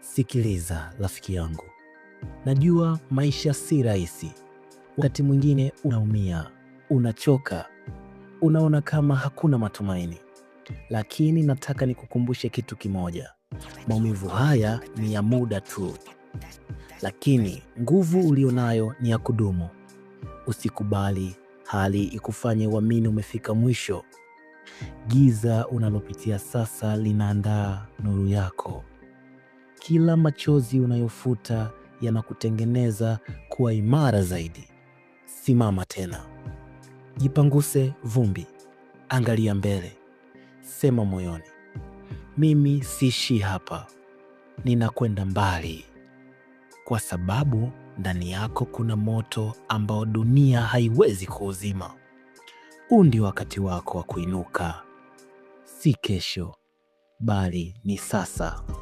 Sikiliza rafiki yangu, najua maisha si rahisi. Wakati mwingine unaumia, unachoka, unaona kama hakuna matumaini, lakini nataka nikukumbushe kitu kimoja: maumivu haya ni ya muda tu, lakini nguvu ulionayo ni ya kudumu. Usikubali hali ikufanye uamini umefika mwisho. Giza unalopitia sasa linaandaa nuru yako kila machozi unayofuta yanakutengeneza kuwa imara zaidi. Simama tena, jipanguse vumbi, angalia mbele, sema moyoni, mimi siishi hapa, ninakwenda mbali, kwa sababu ndani yako kuna moto ambao dunia haiwezi kuuzima. Huu ndio wakati wako wa kuinuka, si kesho, bali ni sasa.